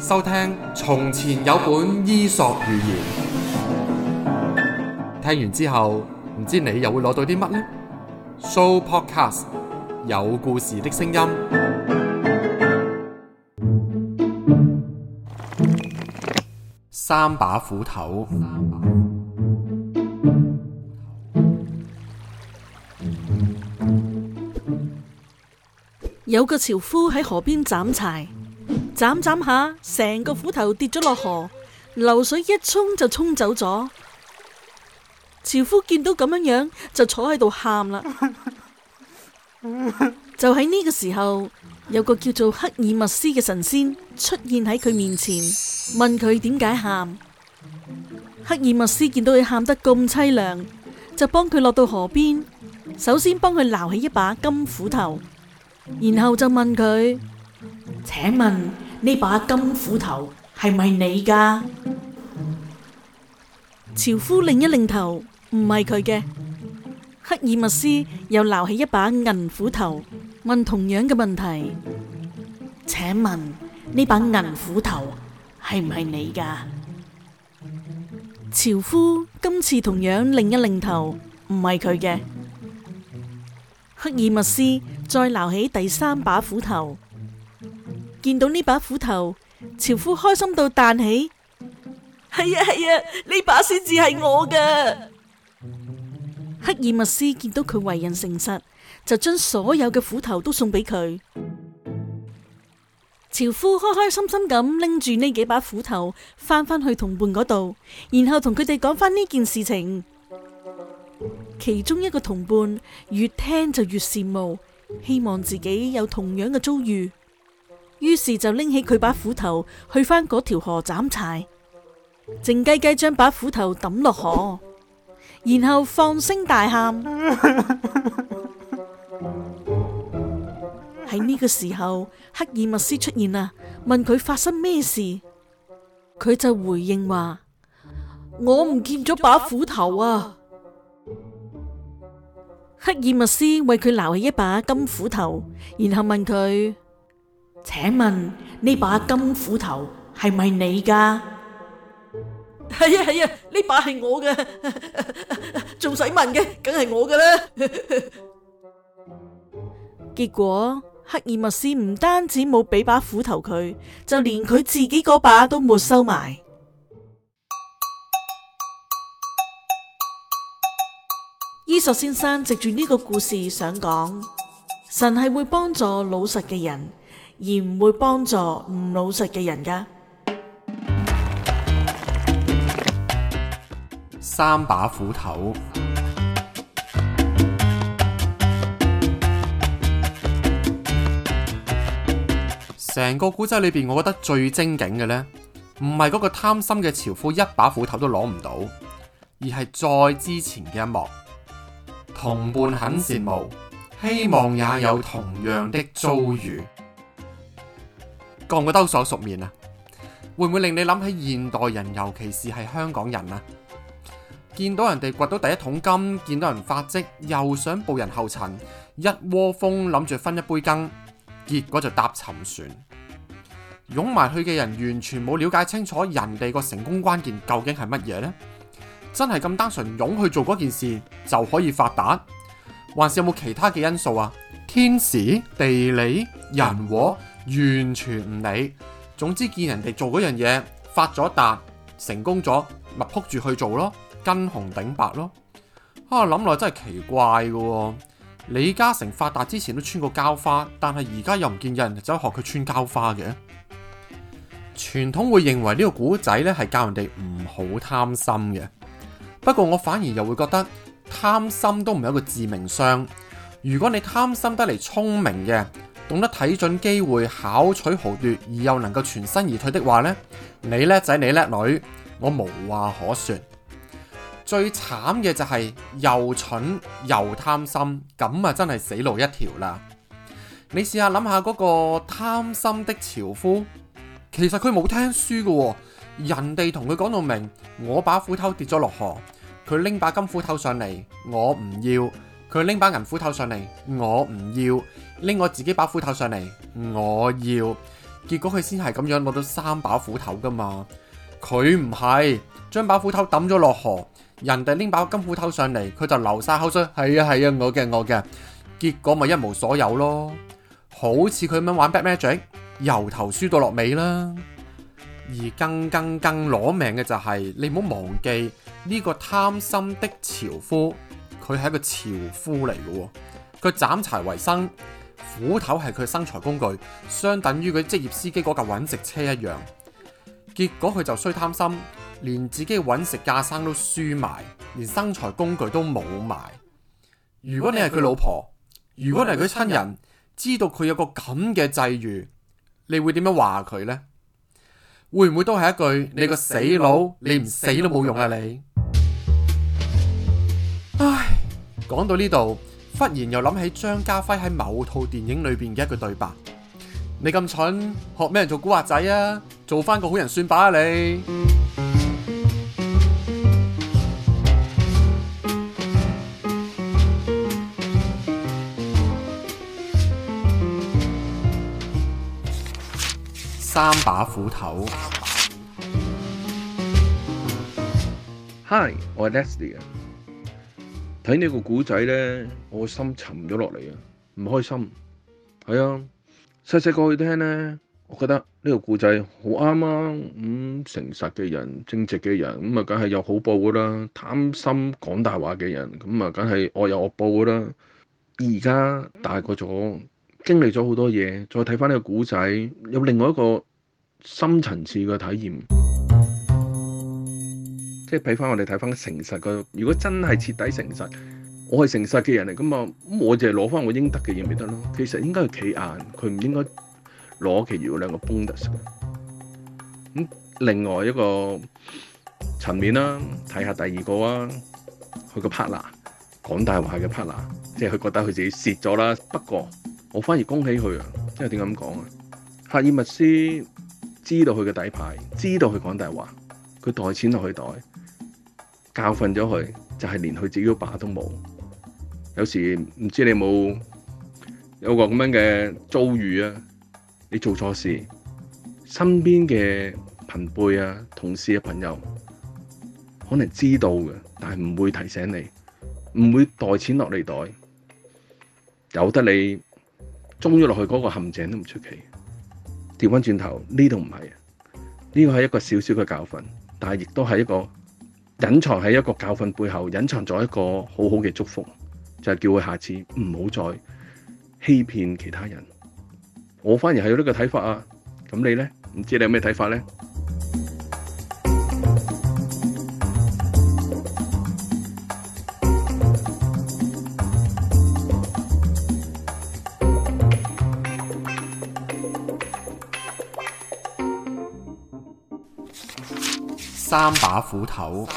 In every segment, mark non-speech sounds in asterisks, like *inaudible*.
收聽從前有本伊索寓言。聽完之後唔知你又會攞到啲乜呢？Sooopodcast，有故事的聲音。三把斧頭，有個樵夫喺河邊斬柴。斬斬下，成個斧頭跌咗落河，流水一沖就沖走咗。樵夫見到咁樣樣，就坐喺度喊啦。就喺呢個時候，有個叫做赫爾墨斯嘅神仙出現喺佢面前，問佢點解喊。赫爾墨斯見到佢喊得咁淒涼，就幫佢落到河邊，首先幫佢撈起一把金斧頭，然後就問佢：請問？呢把金斧頭係咪你噶？樵夫擰一擰頭，唔係佢嘅。赫爾墨斯又撈起一把銀斧頭，問同樣嘅問題：請問呢把銀斧頭係唔係你噶？樵夫今次同樣擰一擰頭，唔係佢嘅。赫爾墨斯再撈起第三把斧頭。見到呢把斧頭，樵夫開心到彈起，係啊係啊，呢把先至係我㗎。赫爾墨斯見到佢為人誠實，就將所有嘅斧頭都送俾佢。樵夫開開心心咁拎住呢幾把斧頭，翻翻去同伴嗰度，然後同佢哋講翻呢件事情。其中一個同伴越聽就越羨慕，希望自己有同樣嘅遭遇。於是就拎起佢把斧頭去翻嗰條河斬柴，靜雞雞將把斧頭抌落河，然後放聲大喊。喺呢 *laughs* 個時候，赫爾墨斯出現啦，問佢發生咩事，佢就回應話：我唔見咗把斧頭啊！赫爾墨斯為佢撈起一把金斧頭，然後問佢。請問呢把金斧頭係咪你噶？係啊，係啊，呢把係我嘅，仲使問嘅，梗係我㗎啦。呵呵，結果赫爾墨斯唔單止冇俾把斧頭佢，就連佢自己嗰把都沒收埋。 *noise* 伊索先生藉住呢個故事想講，神係會幫助老實嘅人。而唔會幫助唔老實嘅人㗎。三把斧頭，成個古仔裏邊，我覺得最精警嘅呢，唔係嗰個貪心嘅樵夫一把斧頭都攞唔到，而係再之前嘅一幕，同伴很羨慕，希望也有同樣的遭遇。個個兜上熟面啊，會唔會令你諗起現代人，尤其是係香港人啊？見到人哋掘到第一桶金，見到人發跡，又想步人後塵，一窩蜂諗住分一杯羹，結果就搭沉船。湧埋去嘅人完全冇了解清楚人哋個成功關鍵究竟係乜嘢呢？真係咁單純，湧去做嗰件事就可以發達，還是有冇其他嘅因素啊？天時、地理、人和？完全唔理，總之見人哋做嗰樣嘢發咗達成功咗，咪撲住去做咯，跟紅頂白咯。啊，諗落真係奇怪喎。李嘉誠發達之前都穿過膠花，但係而家又唔見有人走去學佢穿膠花嘅。傳統會認為呢個古仔呢係教人哋唔好貪心嘅。不過我反而又會覺得貪心都唔係一個致命傷。如果你貪心得嚟聰明嘅。懂得睇準機會巧取豪奪，而又能夠全身而退的話呢，你叻仔你叻女，我無話可説。最慘嘅就係，是，又蠢又貪心，咁啊真係死路一條啦！你試下諗下嗰個貪心的樵夫，其實佢冇聽書嘅喎，人哋同佢講到明，我，我把斧頭跌咗落河，佢拎把金斧頭上嚟，我唔要，佢拎把銀斧頭上嚟，我唔要。拎我自己把斧頭上嚟，我要，結果佢先係咁樣攞到三把斧頭噶嘛。佢唔係，將把斧頭抌咗落河，人哋拎把金斧頭上嚟，佢就流晒口水，係啊係啊，我嘅我嘅，結果咪一無所有咯。好似佢咁樣玩 black magic，由頭輸到落尾啦。而更更更攞命嘅就係，你唔好忘記呢個貪心的樵夫，佢係一個樵夫嚟嘅，佢斬柴為生。斧頭係佢生財工具，相等於佢職業司機嗰架搵食車一樣。結果佢就衰貪心，連自己搵食架生都輸埋，連生財工具都冇埋。如果你係佢老婆，如果你係佢親人，他親人知道佢有個咁嘅際遇，你會點樣話佢呢？會唔會都係一句你個死佬，你唔死都冇用啊你？唉，講到呢度。忽然又諗起張家輝喺某套電影裏邊嘅一句對白：你咁蠢，學咩人做古惑仔啊？做返個好人算把啊你。三把斧頭。Hi，我係 Destiny。喺呢個故仔呢，我心沉咗落嚟啊，唔開心。係啊，細細個去聽呢，我覺得呢個故仔好啱啊。咁、嗯、誠實嘅人、正直嘅人，咁啊梗係有好報噶啦。貪心講大話嘅人，咁啊梗係惡有惡報噶啦。而家大個咗，經歷咗好多嘢，再睇返呢個故仔，有另外一個深層次嘅體驗。即係比翻我哋睇翻誠實個，如果真係徹底誠實，我係誠實嘅人嚟㗎嘛，咁我就係攞翻我應得嘅嘢咪得咯。其實應該係企硬，佢唔應該攞其餘兩個 bonus 嘅。咁另外一個層面啦，睇下第二個啦，佢個 partner 講大話嘅 partner，即係佢覺得佢自己蝕咗啦。不過我反而恭喜佢啊，因為點解咁講啊，赫爾墨斯知道佢嘅底牌，知道佢講大話，佢袋錢落去袋。教訓咗佢，就係、是、連佢自己阿爸都冇。有時唔知你有冇有，有個咁樣嘅遭遇啊？你做錯事，身邊嘅朋輩啊、同事啊、朋友，可能知道嘅，但係唔會提醒你，唔會袋錢落你的袋，由得你，中咗落去嗰個陷阱都唔出奇。調翻轉頭呢度唔係啊，呢個係一個小小嘅教訓，但係亦都係一個。隱藏喺一個教訓背後，隱藏咗一個好好嘅祝福，就係、是、叫佢下次唔好再欺騙其他人。我反而係有呢個睇法啊！咁你呢？唔知道你有咩睇法呢？三把斧頭。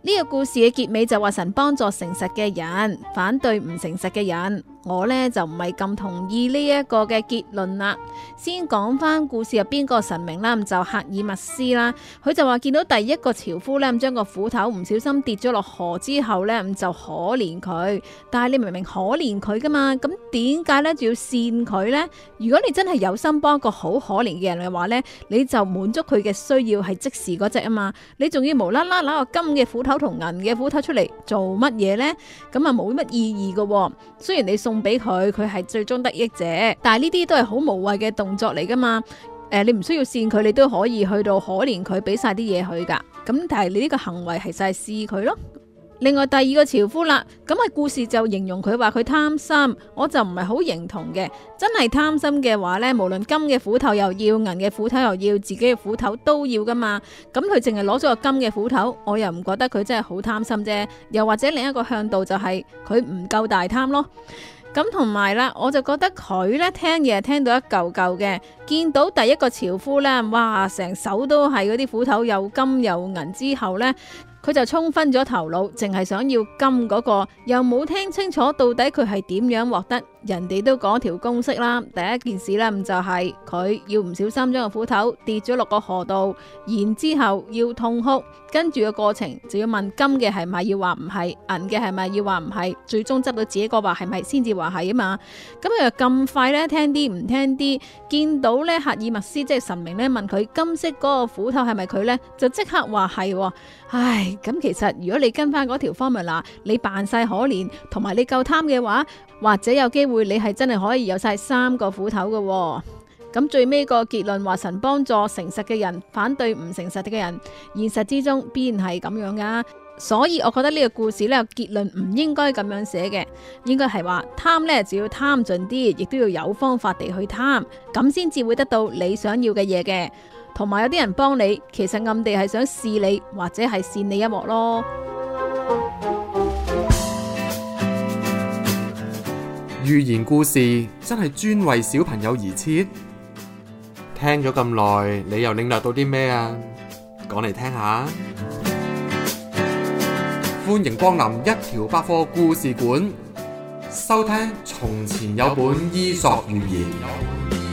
呢個故事嘅結尾就話，神幫助誠實嘅人，反對唔誠實嘅人。我咧就唔係咁同意呢一個嘅結論啦。先講翻故事入邊個神明啦，就赫爾墨斯啦，佢就話見到第一個樵夫呢，咁將個斧頭唔小心跌咗落河之後呢，咁就可憐佢。但係你明明可憐佢噶嘛，咁點解呢？仲要扇佢呢？如果你真係有心幫一個好可憐嘅人嘅話呢，你就滿足佢嘅需要係即時嗰隻啊嘛。你仲要無啦啦攞個金嘅斧頭同銀嘅斧頭出嚟做乜嘢呢？咁啊冇乜意義噶。雖然你，送俾佢，佢係最終得益者。但係呢啲都係好無謂嘅動作嚟噶嘛？誒、呃，你唔需要扇佢，你都可以去到可憐佢，俾晒啲嘢佢噶。咁但係你呢個行為其實係試佢咯。另外第二個樵夫啦，咁啊故事就形容佢話佢貪心，我就唔係好認同嘅。真係貪心嘅話呢，無論金嘅斧頭又要銀嘅斧頭又要自己嘅斧頭都要噶嘛。咁佢淨係攞咗個金嘅斧頭，我又唔覺得佢真係好貪心啫。又或者另一個向度就係佢唔夠大貪咯。咁同埋啦，我就覺得佢咧聽嘢聽到一嚿嚿嘅，見到第一個樵夫咧，哇，成手都係嗰啲斧頭又金又銀之後咧，佢就沖昏咗頭腦，淨係想要金嗰個，又冇聽清楚到底佢係點樣獲得。人哋都講條公式啦，第一件事咧就係、是、佢要唔小心將個斧頭跌咗落個河度，然之後要痛哭，跟住個過程就要問金嘅係咪要話唔係，銀嘅係咪要話唔係，最終執到自己個話係咪先至話係啊嘛。咁佢又咁快咧聽啲唔聽啲，見到咧赫爾墨斯即係神明咧問佢金色嗰個斧頭係咪佢咧，就即刻話係。唉，咁其實如果你跟翻嗰條 formula，你扮晒可憐同埋你夠貪嘅話，或者有機會會你係真係可以有晒三個斧頭嘅。哦，咁最尾個結論話神幫助誠實嘅人，反對唔誠實嘅人，現實之中必然係咁樣噶，啊。所以我覺得呢個故事呢，結論唔應該咁樣寫嘅，應該係話貪呢，就要貪盡啲，亦都要有方法地去貪，咁先至會得到你想要嘅嘢嘅。同埋有啲人幫你，其實暗地係想試你或者係試你一鑊咯。寓言故事真係專為小朋友而設，聽咗咁耐，你又領略到啲咩啊？講嚟聽下。 *music* 歡迎光臨一條百貨故事館，收聽從前有本伊索寓言。